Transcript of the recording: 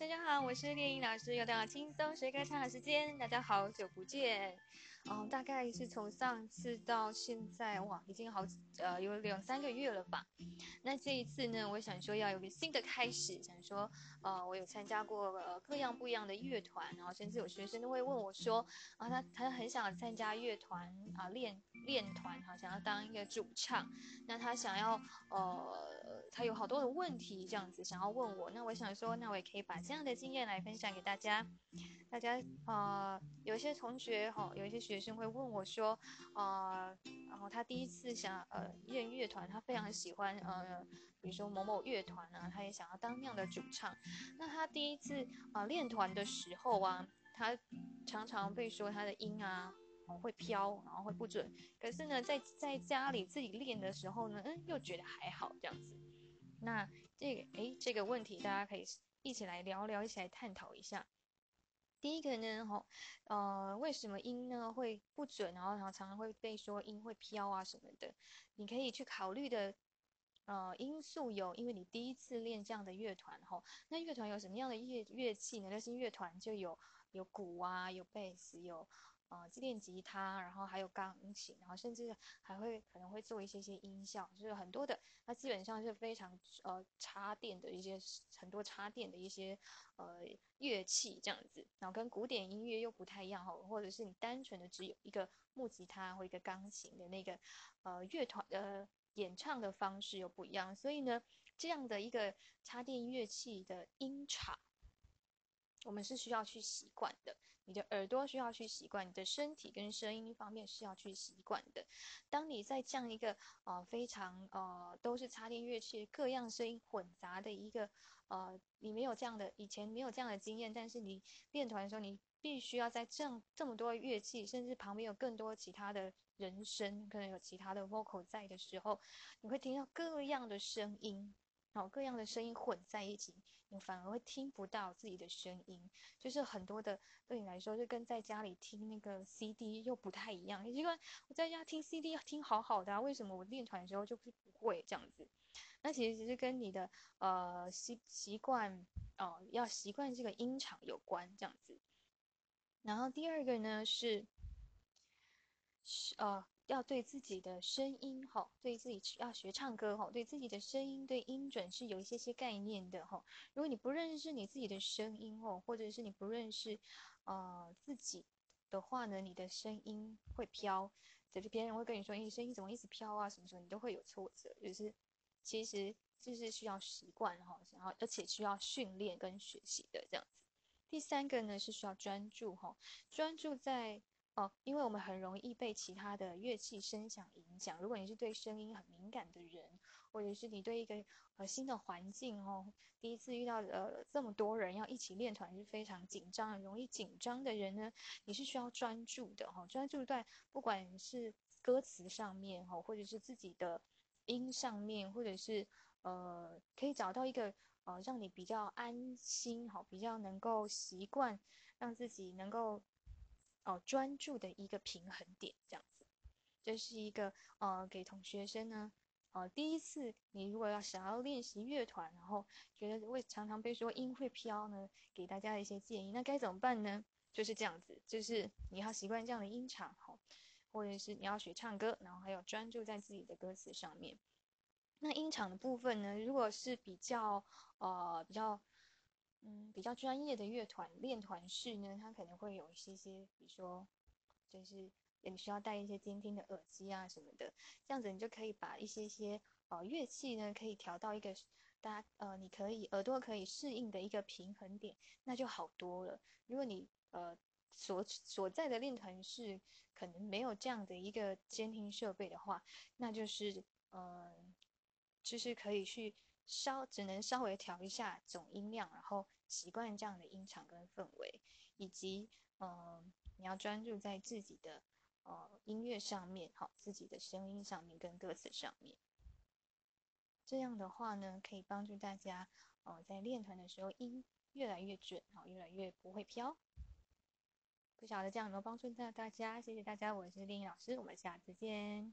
大家好，我是麗穎老師，又到了輕鬆學歌唱的時間，大家好久不見。哦，uh, 大概是從上次到現在，哇，已經好呃有兩三個月了吧。那這一次呢，我想說要有個新的開始。想說，呃，我有參加過、呃、各樣不一樣的樂團，然後甚至有學生都會問我說，啊，他他很想要參加樂團啊、呃，練練團哈，想要當一個主唱。那他想要，呃，他有好多的問題這樣子想要問我。那我想說，那我也可以把這樣的經驗來分享給大家。大家啊、呃，有一些同學哈、哦，有一些學生會問我說，啊、呃，然後他第一次想呃練樂團，他非常喜歡呃，比如說某某樂團啊，他也想要當那樣的主唱。那他第一次啊、呃、練團的時候啊，他常常被說他的音啊會飄，然後會不準。可是呢，在在家裡自己練的時候呢，嗯，又覺得還好這樣子。那這個哎這個問題，大家可以一起來聊聊，一起來探討一下。第一個呢，吼、哦，呃，為什麼音呢會不準，然後常常會被說音會飄啊什麼的？你可以去考慮的，呃，因素有，因為你第一次練這樣的樂團，吼、哦，那樂團有什麼樣的樂樂器呢？那、就是樂團就有有鼓啊，有貝斯，有。啊，機、呃、電吉他，然後還有鋼琴，然後甚至還會可能會做一些些音效，就是很多的，它基本上是非常呃插電的一些很多插電的一些呃樂器這樣子，然後跟古典音樂又不太一樣哈，或者是你單純的只有一個木吉他或一個鋼琴的那個呃樂團的演唱的方式又不一樣，所以呢，這樣的一個插電樂器的音場。我們是需要去習慣的，你的耳朵需要去習慣，你的身體跟聲音一方面是要去習慣的。當你在這樣一個呃非常呃都是插電樂器、各樣聲音混雜的一個呃，你沒有這樣的，以前沒有這樣的經驗，但是你練團的時候，你必須要在這樣這麼多樂器，甚至旁邊有更多其他的人聲，可能有其他的 vocal 在的時候，你會聽到各樣的聲音。然後各樣的聲音混在一起，你反而會聽不到自己的聲音。就是很多的對你來說，就跟在家裡聽那個 CD 又不太一樣。你一個我在家聽 CD 要聽好好的，啊，為什麼我練團的時候就是不會這樣子？那其實其實跟你的呃習習慣哦，呃，要習慣這個音場有關這樣子。然後第二個呢是，是呃要對自己的聲音吼，對自己要學唱歌吼，對自己的聲音對音準是有一些些概念的吼。如果你不認識你自己的聲音吼，或者是你不認識，呃自己的話呢，你的聲音會飄，就是別人會跟你說，你、哎、聲音怎麼一直飄啊什麼什麼，你都會有挫折。就是其實這、就是需要習慣，然後而且需要訓練跟學習的這樣子。第三個呢是需要專注，專注在。哦，因為我們很容易被其他的樂器聲響影響。如果你是對聲音很敏感的人，或者是你對一個、呃、新的環境哦，第一次遇到呃這麼多人要一起練團是非常緊張、很容易緊張的人呢，你是需要專注的哈、哦。專注在不管是歌詞上面哈、哦，或者是自己的音上面，或者是呃可以找到一個呃讓你比較安心哈、哦，比較能夠習慣，讓自己能夠。哦，專注的一個平衡點，這樣子，這是一個呃，給同學生呢，呃，第一次你如果要想要練習樂團，然後覺得會常常被說音會飄呢，給大家一些建議，那該怎麼辦呢？就是這樣子，就是你要習慣這樣的音場，或者是你要學唱歌，然後還有專注在自己的歌詞上面。那音場的部分呢，如果是比較呃比較。嗯，比較專業的樂團練團室呢，它可能會有一些些，比如說就是你需要帶一些監聽的耳機啊什麼的，這樣子你就可以把一些些呃樂器呢，可以調到一個大家呃，你可以耳朵可以適應的一個平衡點，那就好多了。如果你呃所所在的練團室可能沒有這樣的一個監聽設備的話，那就是嗯、呃，就是可以去。稍只能稍微調一下總音量，然後習慣這樣的音場跟氛圍，以及、呃、你要專注在自己的呃音樂上面，好、哦，自己的聲音上面跟歌詞上面。這樣的話呢，可以幫助大家哦，在練團的時候音越來越準，然、哦、越來越不會飄。不曉得這樣能幫助到大家，謝謝大家，我是林老師，我們下次見。